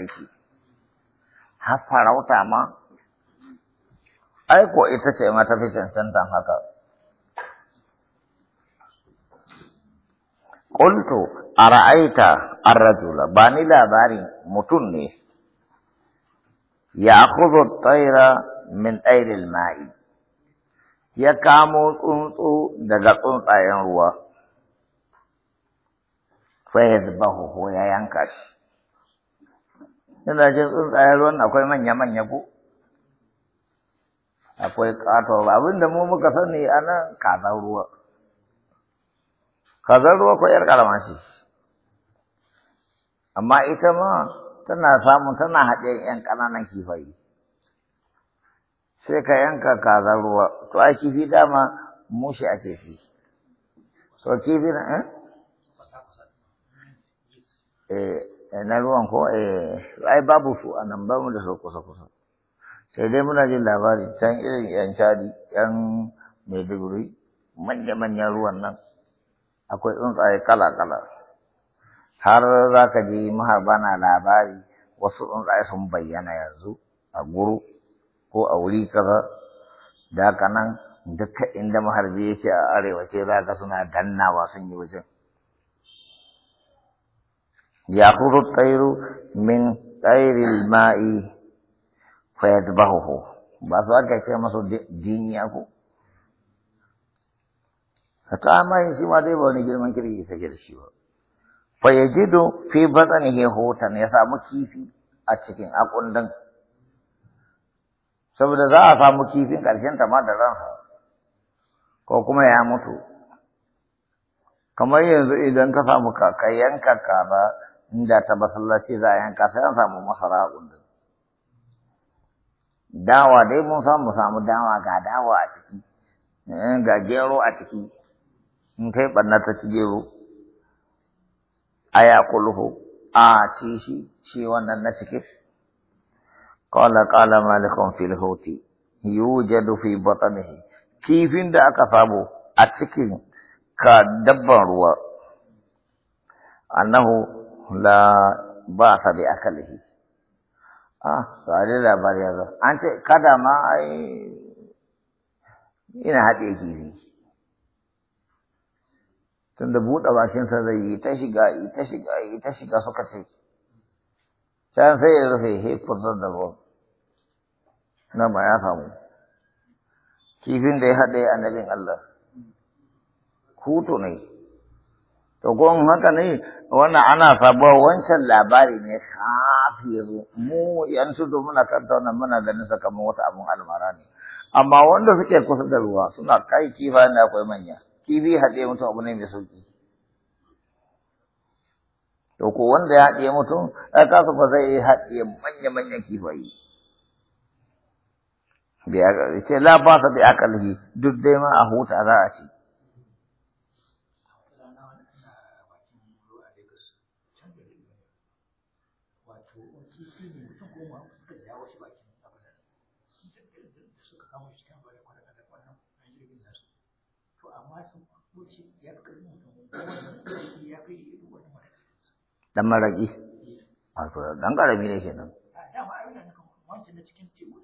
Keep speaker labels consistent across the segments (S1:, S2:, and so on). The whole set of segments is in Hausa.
S1: aiki har farauta ma aiko ita ce ma tafi santan haka a ra'aita an rajula ni labari mutum ne ya at tsaira min ayri mai ya kamo tsuntsu daga tsuntsayen ruwa Fayar yadhbahu ya yanka shi Yana jin tsuntsayen ruwan akwai manya-manya ko? Akwai ƙaton abin da mu muka sani a nan kazan ruwa. Kazan ruwa ko ‘yar ƙarama ce. Amma ita ma tana samun tana haɗe ‘yan ƙananan kifaye. Sai ka yanka kazan ruwa, to a kifi dama mushi ake fi. So kifi na, Eh, Eh, na ruwan ko eh, ai babu su a nan bamu da su kusa kusa sai dai muna jin labari can irin yan shari yan maiduguri manya manyan ruwan nan akwai tsuntsaye kala kala har za ka ji maharba na labari wasu tsuntsaye sun bayyana yanzu a guru ko a wuri kaza da haka nan duka inda maharbi yake a arewa ce za ka suna dannawa sun yi wajen Yakurut tsairu min tsairil ma'i fayad bahuhu ba su aka ce masu jiniya ku a ta amayin shi ma zai ba wani girman kirki sake da shi ba fayajidu fi batsanihi hotan ya samu kifi a cikin akundan saboda za a samu kifin ƙarshen ta ma da ransa ko kuma ya mutu kamar yanzu idan ka samu kakayen kaka inda ta masallaci za a yanka sai an samu masara a kundin dawa dai mun samu samu dawa ga dawa a ciki eh, ga gero a ciki in kai ɓanna ta ci gero a ya a ci shi shi wannan na ciki qala qala Malikon fil yujadu fi batnihi kifin da aka samu a cikin ka dabban ruwa annahu la ba sa bi akalihi ah sai labari yazo an ce kada ma ai ina haɗe kifi tunda buɗe bakinsa zai yi ta shiga yi ta shiga yi ta shiga suka ce can sai ya rufe he furzar da ruwan na ba ya samu kifin da ya haɗe annabin Allah kuto ne To ko haka ne wannan ana sabuwar wancan labari ne kafi yanzu mu yanzu da muna tattauna muna ganin sa kamar wata abun almara ne. Amma wanda suke kusa da ruwa suna kai kifa da akwai manya. Kifi haɗe mutum abu ne mai sauƙi. To ko wanda ya haɗe mutum ya kasa ba zai haɗe manya-manyan kifaye. Bai ce la ba sa bi akalihi duk dai ma a huta za a ci. dan maraki wato ah, dan karami ne kenan ah,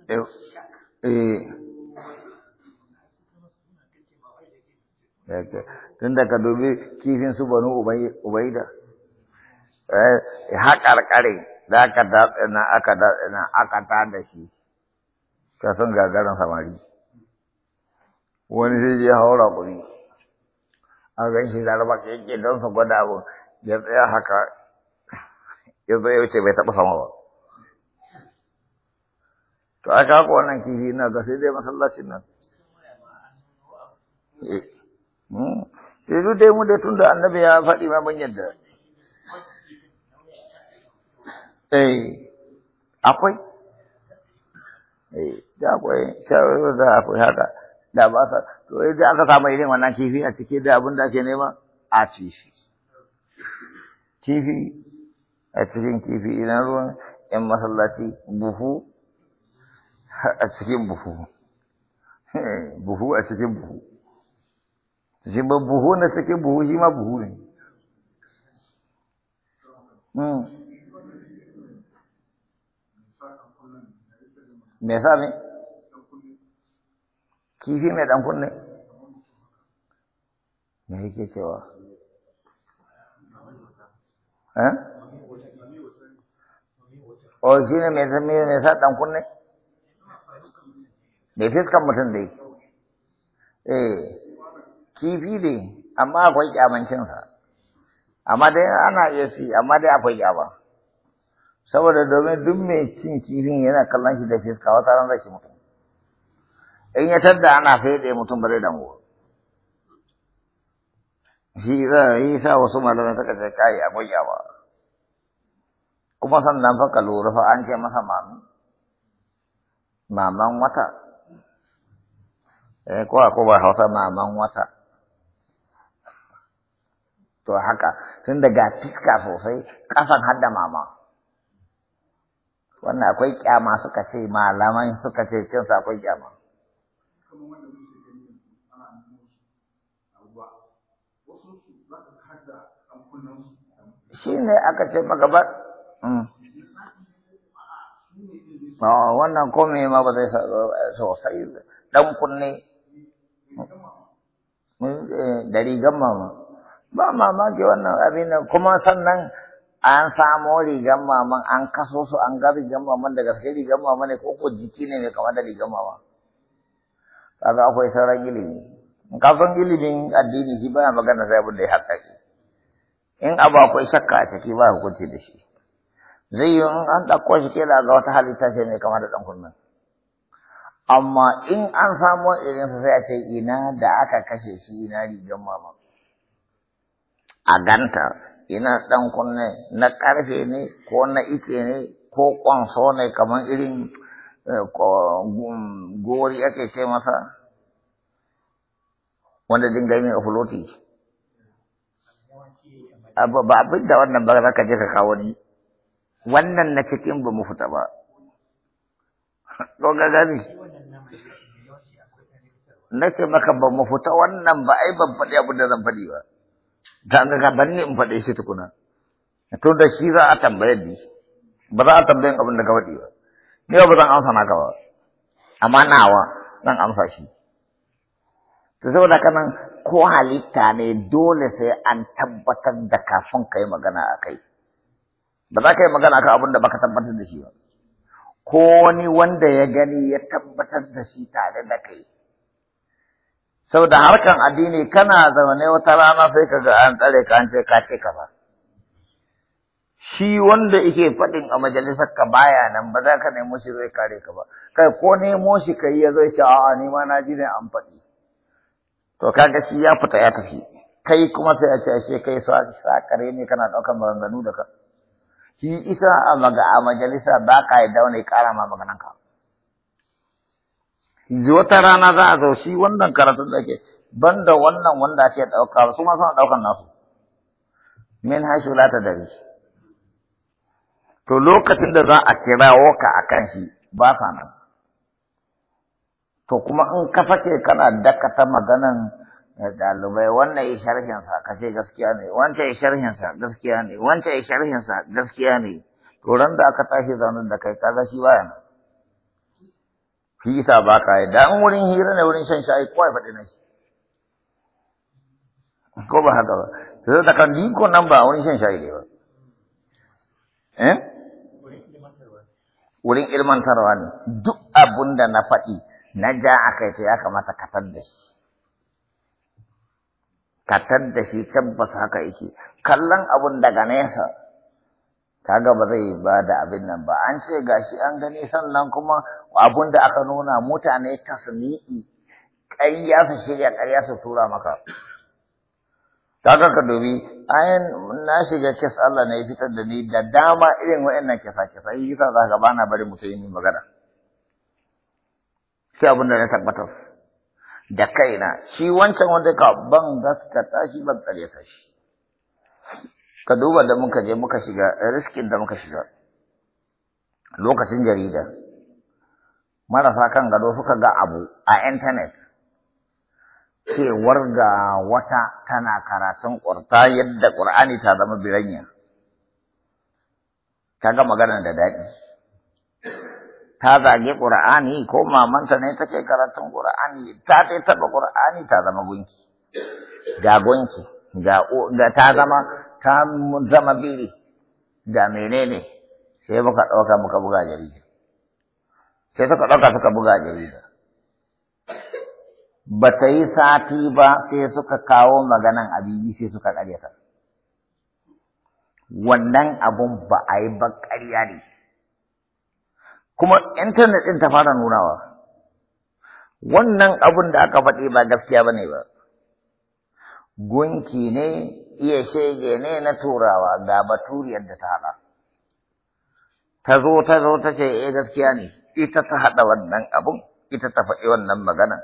S1: eh, eh. tun da ka dubi kifin su banu ubaida eh, haƙarƙarin za ka daɗina aka daɗina aka ta da shi ka sun gagarin samari wani sai je haura ƙuri an gan shi laraba ka yake don su gwada abu ya tsaya haka ya zo ya wuce bai taɓa sama ba to aka haka wannan kifi na ga sai dai masallacin nan sai duk dai mu dai tun da annabi ya faɗi ma ban yadda akwai eh da akwai shawarar da akwai haka da ba ka to idan aka samu irin wannan kifi a ciki da abin da ake nema a ci shi kifi a cikin kifi idan ruwan in masallaci buhu a cikin buhu buhu a cikin buhu shi ba buhu na cikin buhu shi ma buhu ne hmm. me yasa ne kifi mai ɗan kunne me yake cewa eh o shi ne mai sa ɗan kunne mai fiskan mutum dai eh kifi dai amma akwai kyamancinsa amma dai ana iya ci amma dai akwai kyama saboda domin duk mai cin kifin yana kallon shi da fiska wata ran zai mutum in ya tadda ana fede mutum bare da mu shi za yi sa wasu malamai suka ce kai a ba kuma sannan fa ka lura fa an ce masa mami maman wata eh ko ko ba hausa maman wata to haka tun daga fiska sosai kafan hadda mama wannan akwai kyama suka ce malamai suka ce cin akwai kyama kamar wanda mun muke gani yanzu ana nemo su a ruwa wasu su za ka kada amfunan su shi ne aka ce maka ba mm. wannan komai ma ba zai sosai dan kunne mm. eh, dari rigan ma ba mamaki wannan abin nan kuma sannan an samo rigan maman an kaso su an ga rigan maman daga gaske rigan maman ne ko ko jiki ne mai kama da rigan maman kaga akwai sauran ilimi ka san ilimin addini shi baya magana sai abin da ya haɗa shi in abu akwai shakka a ciki ba hukunci da shi zai yi in an ɗauko shi kila ga wata halitta ce mai kama da ɗan kunnen amma in an samo irinsa sai ce ina da aka kashe shi ina rigar mama a ganta ina dan kunne na karfe ne ko na ike ne ko kwanso ne kaman irin Eh, gori ake ce masa wanda dinga mai abu ba abin da wannan ba za ka je ka kawo ni wannan na cikin ba mu fita ba ko ga gani na ce maka ba mu fita wannan ba ai ban faɗi abin da zan faɗi ba ta ga ka ban in faɗe shi tukuna to da shi za a tambayar ni ba za a tambayin abin da ka faɗi ba Ni ba zan amsa naka ba. Amma nawa zan amsa shi. To saboda kanan ko halitta ne dole sai an tabbatar da kafin ka yi magana a kai. Ba za ka yi magana kan abin da baka tabbatar da shi ba. Ko wani wanda ya gani ya tabbatar da shi tare da kai. Saboda harkan addini kana zaune wata rana sai ka ga an tsare ka an ce ka ce ka ba. shi wanda yake faɗin a majalisar ka baya nan ba za ka nemo shi zai kare ka ba kai ko nemo shi ka yi ya zai shi, a'a ni ma na ji ne an faɗi to kaga shi ya fita ya tafi kai kuma sai a ce ashe kai sakare ne kana ɗaukar maganganu da ka shi isa a maga a majalisa ba ka yi daune ƙara ma maganan ka wata rana za a zo shi wannan karatun da ke banda wannan wanda ake ɗauka su ma suna ɗaukar nasu min haisu la ta dari to lokacin da za a kirawo ka a kan shi ba sa nan to kuma in ka sake kana dakata maganan ɗalibai eh, wannan ya sharhinsa ka ce gaskiya ne wancan ya sharhinsa gaskiya ne wancan ya sharhinsa gaskiya ne to ran da aka tashi zaune da kai kaga shi baya nan shi yasa ba ka da in wurin hira ne wurin shan shayi kawai faɗi na shi ko ba haka ba sai da kan ni ko nan ba wurin shan shayi ne ba eh wurin ilmantarwa ne duk abun da na faɗi na ja aka yi ya kamata ka da shi ka da shi tabbas haka yake kallon abun daga nesa kaga ba zai ba da abin nan ba an ce gashi an gani sannan kuma abun da aka nuna mutane tasmi'i ƙarya su shirya ƙarya su tura maka kaga ka dubi ayan na shiga kes Allah na ya fitar da ni da dama irin wa'annan kesa kesa yi kisa za ka bana bari mutum yi magana sai abin na tabbatar da kaina shi wancan wanda ka ban gaskata shi ban tsare ta shi ka duba da muka je muka shiga riskin da muka shiga lokacin jarida marasa kan gado suka ga abu a intanet cewar da wata tana karatun ƙwarta yadda ƙur'ani ta zama biranya. gama magana da daɗi. Ta zage ƙur'ani ko mamanta ne take karatun ƙur'ani, ta ta taɓa ƙur'ani ta zama gunki. Ga gunki, ga ta zama ta zama biri, ga menene sai muka ɗauka muka buga jarida. Sai suka ɗauka suka buga jarida. ba ta yi sati ba sai suka kawo maganan abibi sai suka ƙaryata. Wannan abun ba a yi ba ƙarya ne. Kuma intanet ɗin ta fara nunawa. Wannan abun da aka faɗi ba gaskiya ba ne ba. Gunki ne, iya shege ne na turawa ga baturiyar da ta haɗa. Ta zo ta zo ta ce, e gaskiya ne, ita ta haɗa wannan abun, ita ta faɗi wannan maganan.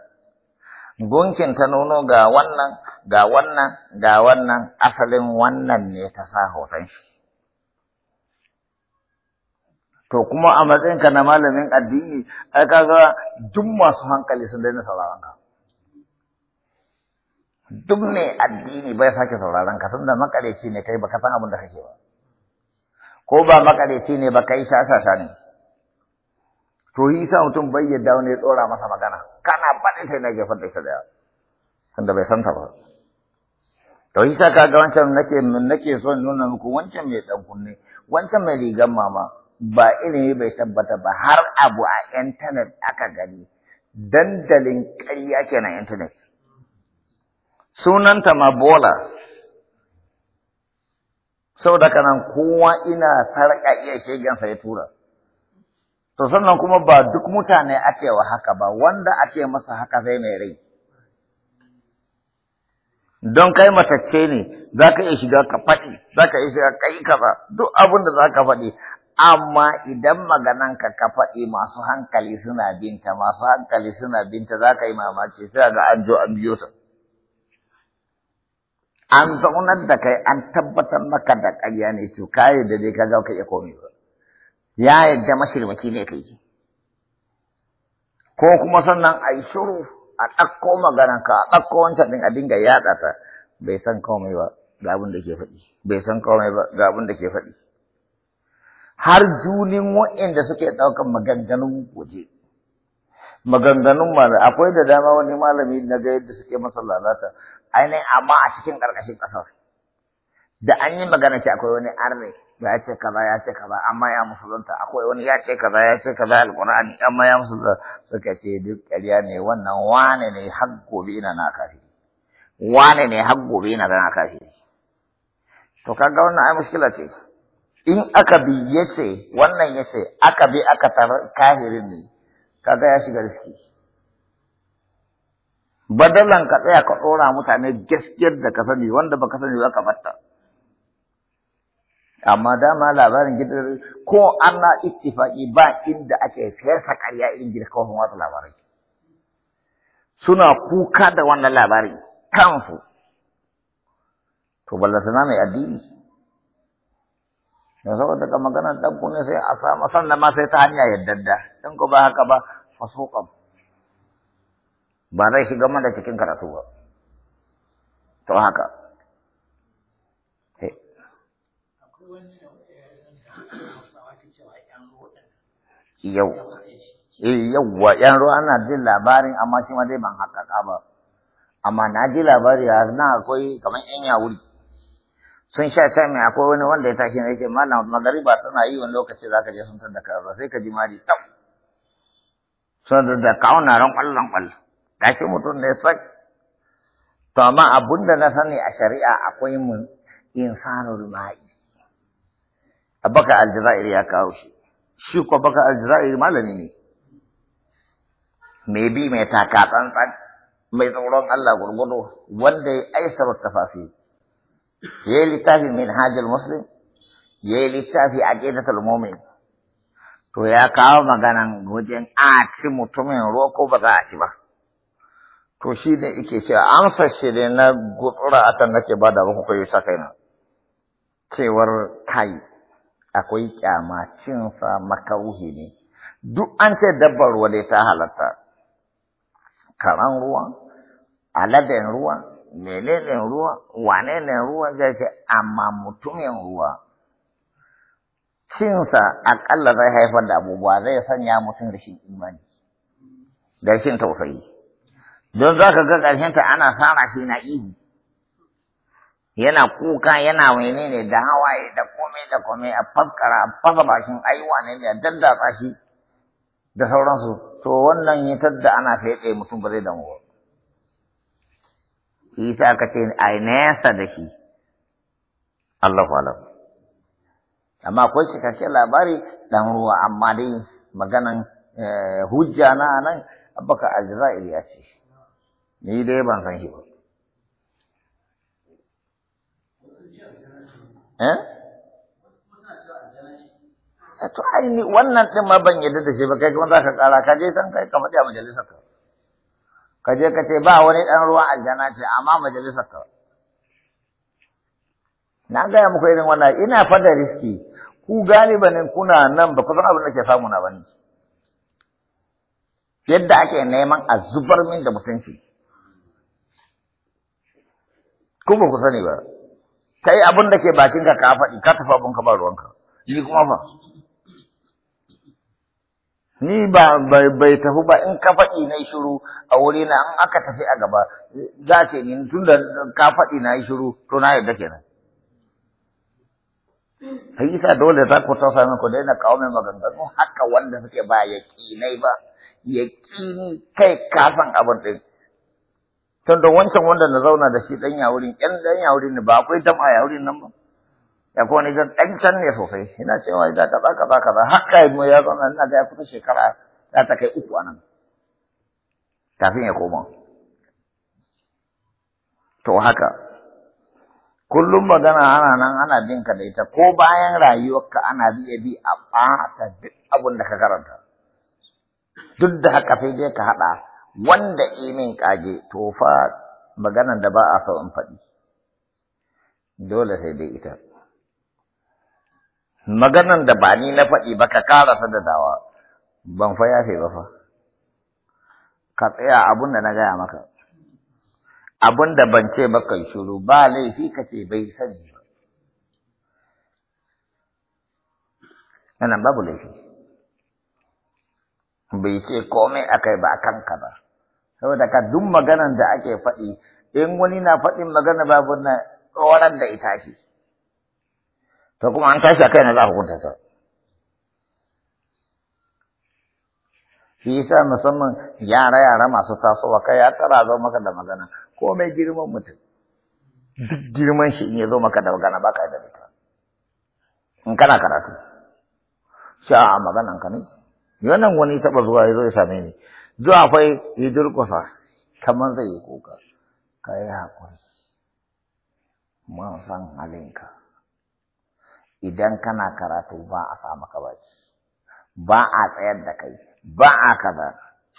S1: gunkin ta nuno ga wannan ga wannan ga wannan asalin wannan ne ta sa hoton shi to kuma a matsayinka na malamin addini ai ga duk masu hankali sun daina sauraron ka duk ne addini bai sake sauraron ka tunda makareci ne kai baka san abin da kake ba ko ba makareci ne ba kai shashasha ne to yi sa mutum bai yadda wani ya tsora masa magana kana baɗin sai na gefen da ita da tunda bai santa ba to yi sa kaga wancan nake nake son nuna muku wancan mai dan kunne wancan mai rigan mama ba ilimi bai tabbata ba har abu a intanet aka gani dandalin ƙarya na intanet sunanta ma bola saboda kanan kowa ina sarƙa iya shegensa ya tura To sannan kuma ba duk mutane ake wa haka ba, wanda ake masa haka zai mai rai. Don kai matacce ne, za ka iya shiga ka faɗi, za ka iya shiga kai kaza, duk abin da za ka faɗi. Amma idan magananka ka faɗi masu hankali suna binta, masu hankali suna binta za ka yi mamaki, sai ga an jo an biyo ta. An zaunar da kai an tabbatar maka da ƙarya ne, to kayi da dai ka ga ka iya komai ba. ya yadda mashirmaki ne kai ko kuma sannan a yi shiru a ɗakko maganan ka a ɗakko wancan ɗin a dinga yaɗa ta bai san komai ba ga abin da ke faɗi bai san komai ba ga abin da ke faɗi har junin waɗanda suke ɗaukan maganganun waje maganganun malam akwai da dama wani malami na ga yadda suke masa lalata ainihin amma a cikin ƙarƙashin ƙasar da an yi magana ce akwai wani arne ya ce kaza ya ce kaza amma ya musulunta akwai wani ya ce kaza ya ce kaza alqur'ani amma ya musulunta suka ce duk ƙarya ne wannan wane ne har gobe ina na kafi wane ne har gobe ina na kafi to kaga wannan ai mushkila ce in aka bi yace wannan yace aka bi aka tar kahirin ne kaga ya shiga riski badalan ka tsaya ka dora mutane gaskiyar da ka sani wanda baka sani ba ka batta amma dama labarin gidan ko an na ittifaki ba inda ake fesa karya irin gidan kawafin watsa labarin suna kuka da wannan labarin kanfu to ballasana mai addini da saboda daga maganar dan kunne sai a sama sannan ma sai ta hanya yaddadda dan ko ba haka ba fasuqan ba zai shiga mana cikin karatu ba to haka yau eh yauwa yan ruwa ana jin labarin amma shi ma dai ban haƙaƙa ba amma na ji labari a na akwai kamar yan yawuri sun sha ta mai akwai wani wanda ya tashi ne yake Mallam magariba tana yi wani lokaci zaka je sun tada ba sai ka ji mari tam sun da kauna ran kwallon kwallon shi mutum ne sai. to amma abun na sani a shari'a akwai mun insanul ma'i abaka aljazairi ya kawo shi shi ko baka aljira'i malami ne mai bi mai taka tsantsan mai tsoron Allah gurgudu wanda ya aisar tafafi ya yi littafi min hajjal muslim ya yi littafi a ƙetatul mumin to ya kawo maganan wajen a ci mutumin ruwa ko ba za a ci ba to shi ne ike cewa amsa shi ne na gutsura a tan nake ba da ku kai sa na. cewar kai akwai kyama cinsa makaruhi ne duk an ce dabbar ruwa dai ta halatta karan ruwa aladen ruwa menene ruwa wanene ruwa zai ce amma mutumin ruwa cinsa aƙalla zai haifar da abubuwa zai sanya mutum rashin imani da shi tausayi don za ka ga ƙarshenta ana sara shi na ihu yana kuka yana menene ne da hawaye da komai da komai a faskara a fasa bakin aiwa ne ne a daddatsa shi da sauransu to wannan ya tadda ana fede mutum ba zai damu ba shi sa aka ce a nesa da shi Allah alam amma akwai cikakken labari dan ruwa amma dai maganan eh, hujja na nan abaka ajra'il ya ce ni dai ban san shi ba Eh? Eh, to ai wannan din ma ban yadda da shi ba kai kuma za ka kara ka je san kai ka faɗi a majalisar ka ka je ka ce ba wani ɗan ruwa aljana ce amma majalisar ka na gaya muku irin wannan ina fada riski ku galibanin kuna nan ba ku san abin da ke samu na bane yadda ake neman a zubar min da mutunci ku ba ku sani ba kai abin da ke bakinka ka faɗi ka tafi abin ka ba ruwanka ni kuma fa ni ba bai tafi ba in ka faɗi na shiru a wuri na in aka tafi a gaba za ce ni tun da ka faɗi na yi shiru to na yarda kenan hakika dole za ku tausa ko ku daina kawo min maganganu haka wanda suke ba yaƙinai ba yaƙini kai kafan abin ɗin Tun da wancan wanda na zauna da shi ɗan yawurin, ƴan ɗan yawurin ne ba akwai jama'a ya yawurin nan ba. Ya kuma ni ɗan can ne sosai, ina cewa da kaza kaza kaza haka ya mu ya zauna ina ga ya kusa shekara ya ta kai uku a nan. Kafin ya koma. To haka. Kullum magana ana nan ana bin ka da ita ko bayan rayuwarka ana biya bi a ɓata duk abin da ka karanta. Duk da haka sai dai ka haɗa wanda imin kage to fa maganan da ba a so in faɗi dole sai dai ita maganan da ba ni na faɗi ba ka ƙara da dawa ban fa yafe ba fa ka tsaya abun da na gaya maka abun da ban ce ba kai shuru ba laifi ka ce bai sani ba nan babu laifi bai ce komai akai ba a kanka ba saboda ka duk maganan da ake faɗi in wani na faɗin magana babu na tsoron da ita shi to kuma an tashi akai na za ku kunta ta shi yasa musamman yara yara masu tasowa kai ya tara zo maka da magana ko mai girman mutum duk girman shi in ya zo maka da magana ba ka da ita in kana karatu sha a maganan ka ne wannan wani taba zuwa ya zo ya same ni zuwa fai ya durkusa kamar zai yi kuka ka yi haƙuri mun san halinka idan kana karatu ba a sa maka ba a tsayar da kai ba a kaza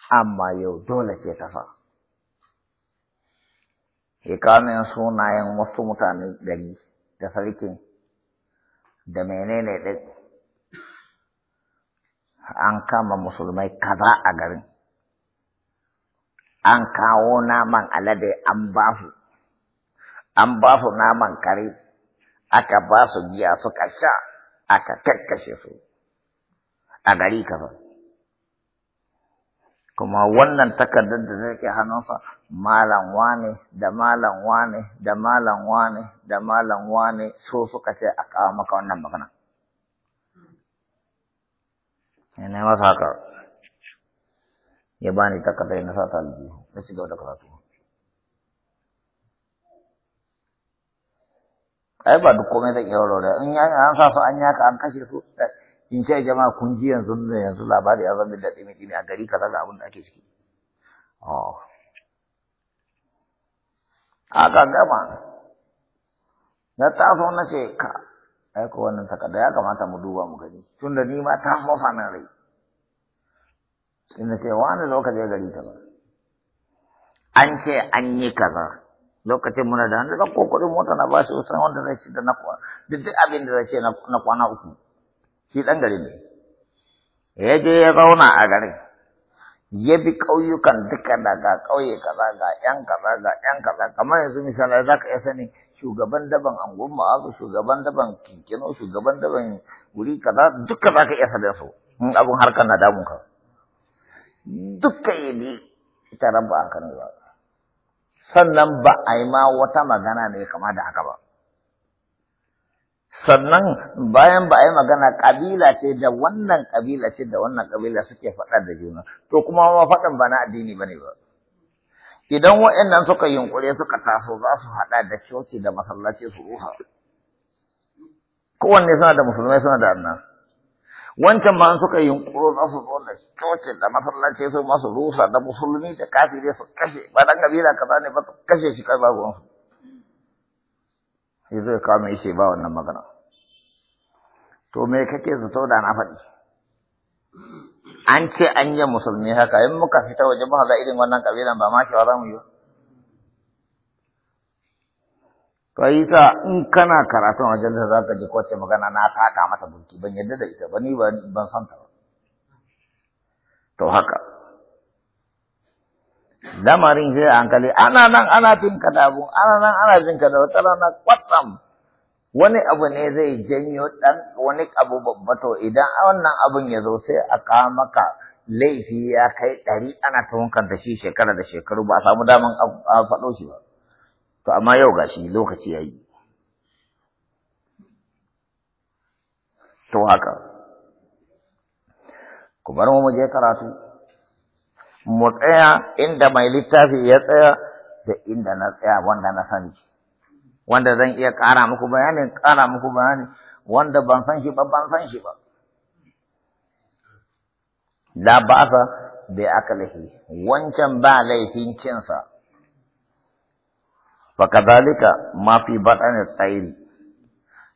S1: amma yau dole ke tafa sa hikamin sunayen wasu mutane gari da sarkin da menene ɗin an kama musulmai kaza a garin an kawo naman alade an ba an ba naman kare, aka ba su giya suka sha, aka kakkashe su a gari kafa. Kuma wannan takardar da take hannunsa malam wane da malam wane da malam wane da malam wane so suka ce a kawo maka wannan magana. Ina masa haka. ya bani takardar na sa talibi na ci gaba da karatu ai ba duk komai zan iya da in ya an sa su an yaka an kashe su eh, in ce jama'a kun ji yanzu ne yanzu labari ya zama da tsimi ne a gari kaza ga abin da ake ciki oh. aka gama na taso na ce ka aiko wannan takarda ya kamata mu duba mu gani tunda ni ma ta hofa min rai sun na ce wani ya gari kaza an ce an yi kaza lokacin muna da hannu ɗauko kuɗin mota na bashi wasan wanda zai ci da na kwa, duk duk abin da zai ce na kwana uku shi ɗan gari ne ya je ya zauna a gari ya bi ƙauyukan duka da ga ƙauye kaza ga ƴan kaza ga ƴan kaza kamar yanzu misalai za ka iya sani shugaban daban angon ma'azu shugaban daban kinkino shugaban daban wuri kaza duka za ka iya sanin su in abun harkar na damun ka. duka ya bi ita rabu a kan ba sannan ba a yi ma wata magana ne kama da haka ba sannan bayan ba a yi magana ƙabila ce da wannan ƙabila ce da wannan ƙabila suke faɗa da juna to kuma ma faɗin ba na addini ba ne ba idan waɗannan suka yunƙure suka taso za su haɗa da coci da masallaci su ruha kowanne suna da musulmai suna da annan wancan ma suka yi yunkuro za su zo da coci da masallaci su masu rusa da musulmi da kafire su kashe ba dan kabila kaza ne ba su kashe shi kai babu shi zai mai ishe ba wannan magana to me kake zato da na faɗi an ce an yi musulmi haka in muka fita waje ba za irin wannan kabilan ba ma shi ba za mu yi ba to yi sa in kana karatun a jalsa za ka ji kwace magana na taka mata burki ban yadda da ita ba ni ban san ta ba to haka lamarin sai a hankali ana nan ana fin ka dabu ana nan ana fin ka dabu wata na kwatsam wani abu ne zai janyo dan wani abu babba to idan wannan abun ya zo sai a kawo maka laifi ya kai ɗari ana ta da shi shekara da shekaru ba a samu daman a faɗo shi ba. to amma yau gashi lokaci ya yi. to haka ku bar mu je karatu mu tsaya inda mai littafi ya tsaya da inda na tsaya wanda na sani wanda zan iya ƙara muku bayani ƙara muku bayani wanda ban san shi ba ban san shi ba la bai aka aklihi wancan ba laifin cinsa wa kadhalika ma fi batani tsairi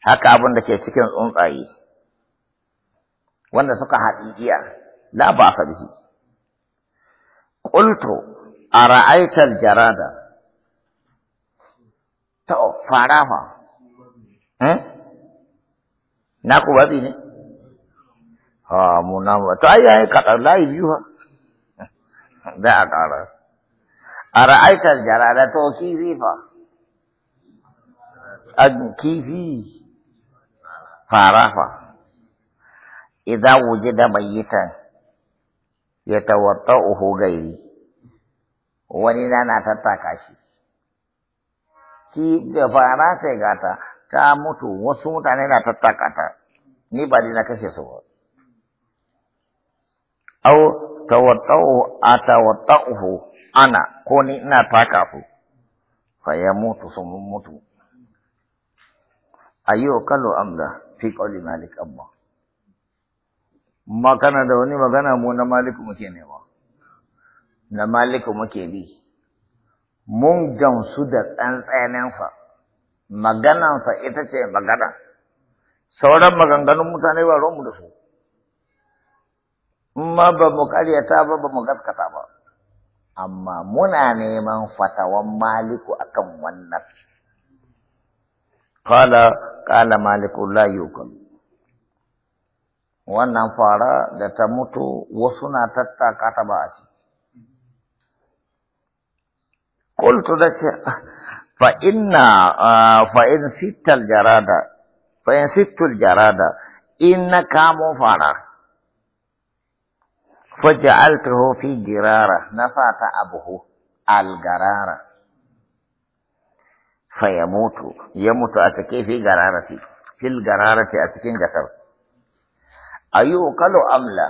S1: haka abin da ke cikin tsuntsaye wanda suka iya la ba ka bihi qultu ara'aita al-jarada ta farafa eh hmm? na ku babi ne ha mu na mu to ai ai ka lai biyu ha da a ƙara A ra'aitar jarada to ki fa an kifi farafa idza wujida mayyitan uhu gairi wani na na tattaka shi ki da fara sai gata ta mutu wasu mutane na tattaka ta ni ba ni na kashe su ba au tawatta'u uhu ana ko ni ina taka su fa ya mutu sun mutu ayyukalu amla fi qawli malik amma magana da wani magana mu na maliku muke nema na maliku muke bi mun gamsu da Magana fa ita ce magana sauran maganganun mutane ba mu da su amma ba mu karyata ba ba mu gaskata ba amma muna neman fatawan maliku akan wannan قال قال مالك لا يوكل وان فارا دا تموت وصنا تتا كاتبا قلت ذا فإن فإن ست الجرادة فإن ست الجرادة إن كام فارا فجعلته في جرارة نفات أبوه الجرارة Faya ya mutu ya mutu a take fi gararati fil gararati a cikin gasar ayu kalu amla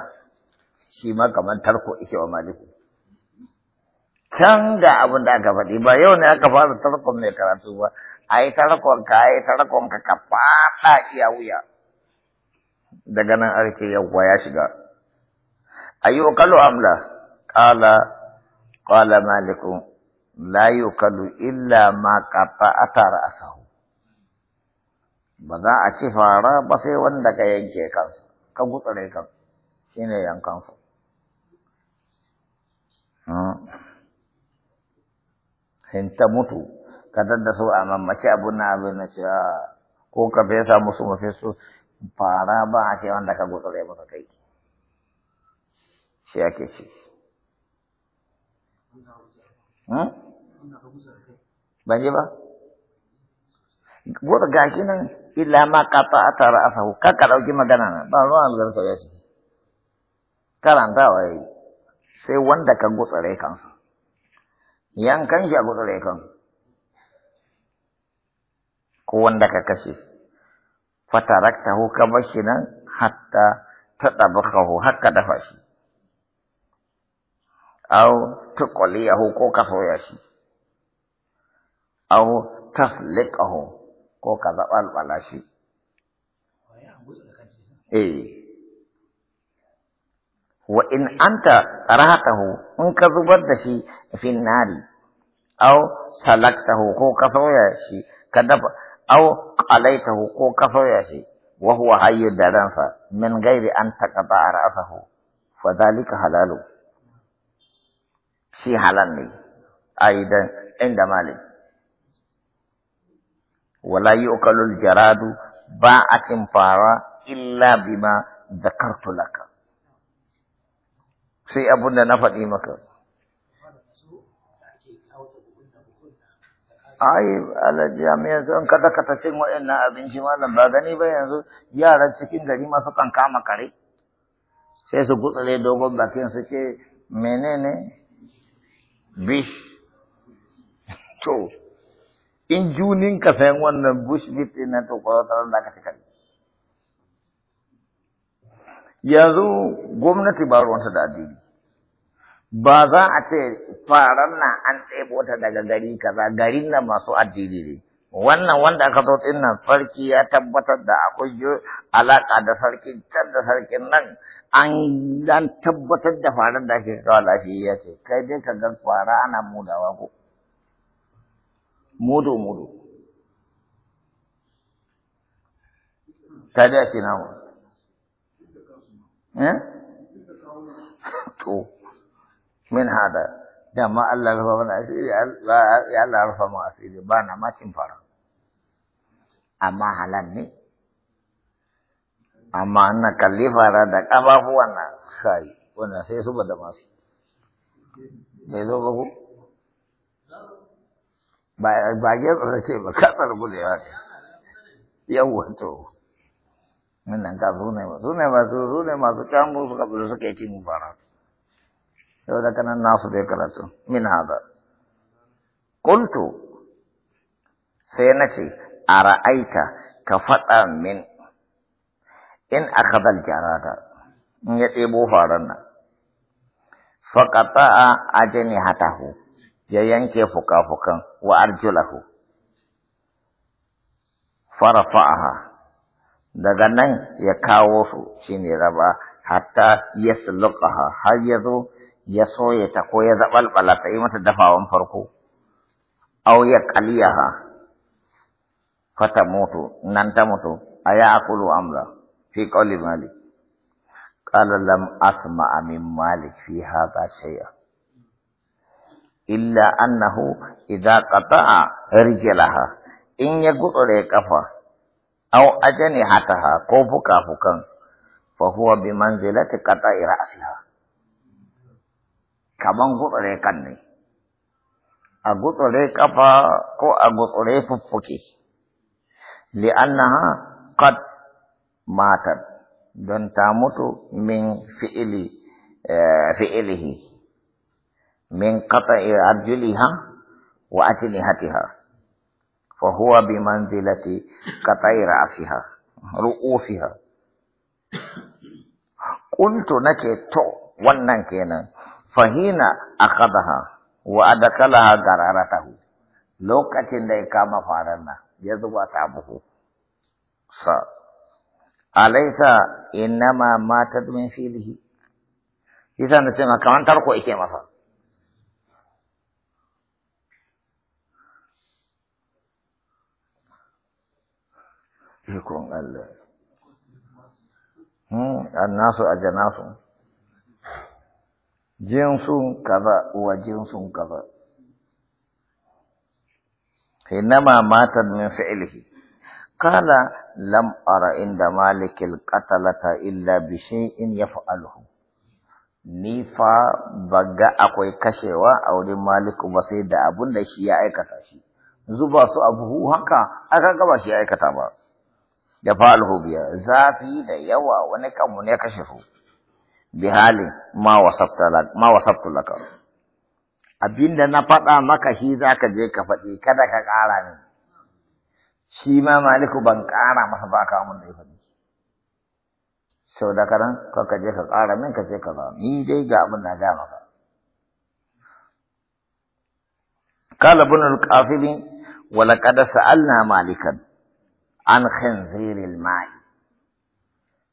S1: shi ma kamar tarko ishe wa maliku can ga abin da aka faɗi ba yau ne aka fara tarkon mai karatu ba a yi tarkon ka a yi tarkon ka ka faɗa iya wuya daga nan arke yawwa ya shiga ayu kalu amla kala kala malikun la yukalu illa ma qata'ata ra'sahu ba za a ci fara ba sai wanda ka yanke kansa ka gutsare ka shine yankan su hmm. in ta mutu ka dadda su a mamaci abun na abin na cewa ah, ko ka fesa musu su fara ba a ce wanda ka gutsare masa kai shi ake ce. Hmm? ban ji ba gura gashi nan illa ma kafa a tara a sahu kar ka ɗauki magana na ba a algarka ya ce karantawa yi sai wanda ka gutsare kansa kan shi a gutsare kan ko wanda ka kashe fataraktahu ka bar shi nan hatta ta ɗabakahu har ka dafa shi au tuƙuliyahu ko ka soya shi aw tasliqahu ko ka zabalbala shi eh wa in anta rahatahu in ka zubar da shi fi nari aw salaktahu ko ka soya shi ka dafa aw qalaitahu ko ka soya shi wa huwa hayyu da ransa min gairi an taqata ra'sahu fa dhalika halalu shi halal ne aidan inda malik wala yi al-jaradu ba ba'atin fara illa bima zakartu laka sai abun da na faɗi maka ai alaji amma yanzu kada ka tace wa'annan abinci malam ba gani ba yanzu yaran cikin gari masu sukan kama kare sai su gutsure dogon bakin su ce menene bish to in junin ka sayan wannan Bush, din na to kwatarar da ka fi Ya yanzu gwamnati ba ruwanta da addini ba za a ce faran nan an tsebo ta daga gari kaza garin nan masu addini ne wannan wanda aka zo din nan sarki ya tabbatar da akwai alaka da sarki can da sarkin nan an dan tabbatar da faran da ake kawo lafiya ce kai dai ka ga fara ana mudawa ko mudu mudu kada ake namu eh to min hada dama Allah ya rufa mana asiri ya Allah rufa mu asiri ba na ma cin fara amma halal ne amma na kalli fara da ƙafafuwan na kai wannan sai su bada masu bai zo ba ku ba ba gero ce ba katsar gudewa ce yawwa to wannan ka su ne su ne masu su ne masu kyamu suka bi suka yi cin fara yau da kanan nasu dai karatu min haza. Kuntu sai na ce a ra'aita ka faɗa min in a zal jarata. in ya ɗebo faran nan faƙata a ajini hatahu ya yanke fuka-fukan wa arjulahu farafa'aha daga nan ya kawo su shine raba hatta yasluqaha har ya zo ya soye ta ko ya zabalbala ta yi mata dafawan farko aw ya qaliyaha fata mutu nan ta mutu aya akulu amla fi qawli malik Ƙalalam asma amin malik fi hadha shay'a illa annahu idza qata'a rijlaha in ya gudure kafa aw ajani hataha ko fuka-fukan fa huwa bi manzilati qata'i ra'siha kaman gudure kan ne a gudure kafa ko a gudure fuffuke annaha qad matat don ta mutu min fi'ili eh, fi'ilihi من قطع أرجلها وأجنحتها فهو بمنزلة قطع رأسها رؤوسها قلت nake to wannan kenan fahina akadaha wa adakalaha gararatahu lokacin da ya kama faran nan ya zuba ta buhu sa alaisa innama matat min filihi yasa na ce makamantar ko ike masa ikon Allah hmm, annasu a janasu jinsun kaza wa jinsun kaza matan min من فعله lam ara inda malikil qatalata illa bi shay'in yaf'aluhu. ni fa ba akwai kashewa a wurin maliku ba sai da abun da shi ya aikata shi zuba su abu haka aka gaba shi ya aikata ba da fa'alhu biyar? zafi da yawa wani kanmu ne kashe su bi halin ma wasabtu laka abinda na faɗa maka shi zaka je ka faɗi kada ka ƙara ni shi ma maliku ban ƙara masa ba ka mun da ya faɗi sau da karan ka je ka ƙara min ka ce kaza ni dai ga abin na ga maka قال ابن القاسم ولقد سألنا malikan. an khinziril ma'i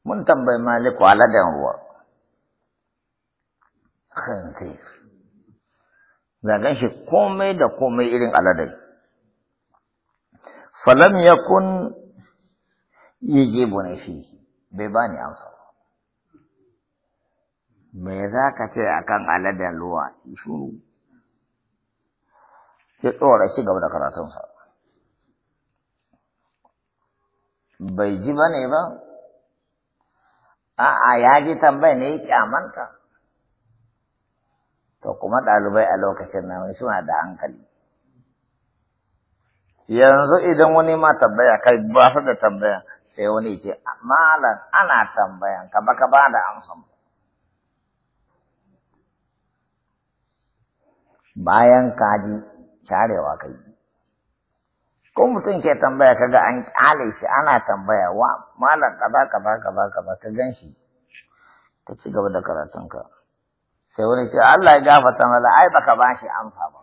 S1: mun tambayi maliku aladan ruwa khinzir zagan shi komai da komai irin aladai falam yakun yajibu ne shi bai bani amsa me za ka ce akan aladan ruwa shuru ya tsora shi gaba da karatunsa bai ji ba ne ba a'a ya ji tambaya ne ya kyamanta to kuma ɗalibai a lokacin nan suna da hankali yanzu idan wani ma tambaya kai ba su da tambaya sai wani ce malam ana tambayan ka baka ba da amsan bayan ka ji, sharewa kai ko mutum ke tambaya kaga an kyale shi ana tambaya wa malam kaza kaza kaza kaza ka gan shi ta ci gaba da karatunka sai wani ce Allah ya gafarta mala ai baka ba shi amsa ba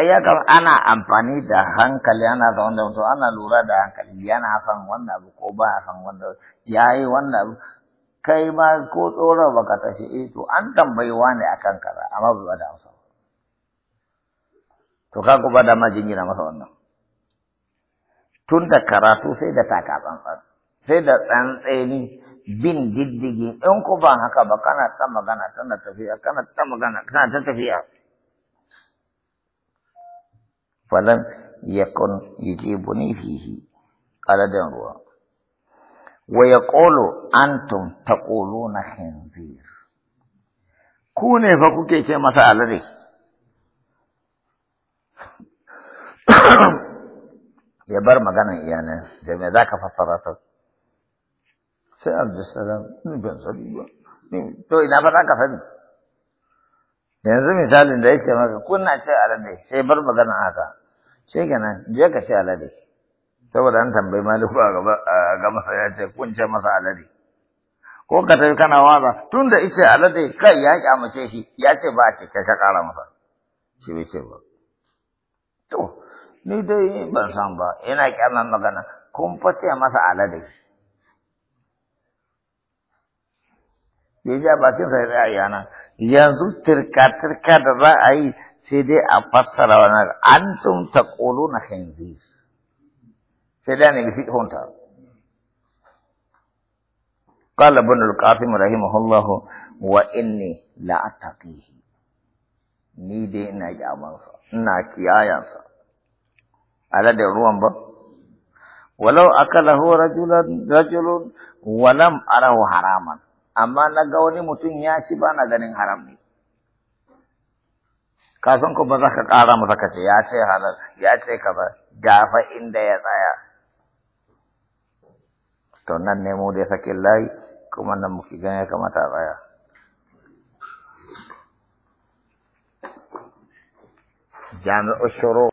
S1: ai ya ana amfani da hankali ana da da to ana lura da hankali yana son wannan abu ko ba son wannan yayi wanda kai ma ko tsoron baka tashi eh to an tambayi wani akan kaza amma ba da amsa ba to ka ba da ma jingina masa wannan tun da karatu sai da taka tsantsan sai da tsantseni bin diddigin in ku ba haka ba kana ta magana tana tafiya kana ta magana kana ta tafiya falan yakun yujibuni fihi aladan ruwa wa yaqulu antum taquluna khinzir ku ne fa kuke ce masa alade ya bar maganan iyanan da me zaka fassara ta sai Abdulsalam ni ban sani ba to ina ba zaka sani yanzu misalin da yake maka kunna ce alade sai bar maganan haka sai kenan je ka ce alade saboda an tambayi maliku a ga masa ya ce kun ce masa alade ko ka tafi kana waza tun da ice alade kai ya kyamace shi ya ce ba a ce kai ka kara masa shi bai ce ba to ni dai ban san ba ina kyaman magana kun face masa alade da ya bakin sa ya yana yanzu tirka tirka da za a yi sai dai a fassara wani antum na khinzir sai dai ne bi hunta قال ابن القاسم رحمه الله wa لا أتقيه ni dai ina kyamansa ina kiyayansa aladen ruwan ba walau akalahu rajulan rajulun walam arahu haraman amma na ga wani mutum ya ci ba na ganin haram ne ka san ba za ka kara masa ka ce ya ce halal ya ce ka ba gafa inda ya tsaya to nan ne mu da sake layi kuma nan muke gan ya kamata tsaya jami'ar shuru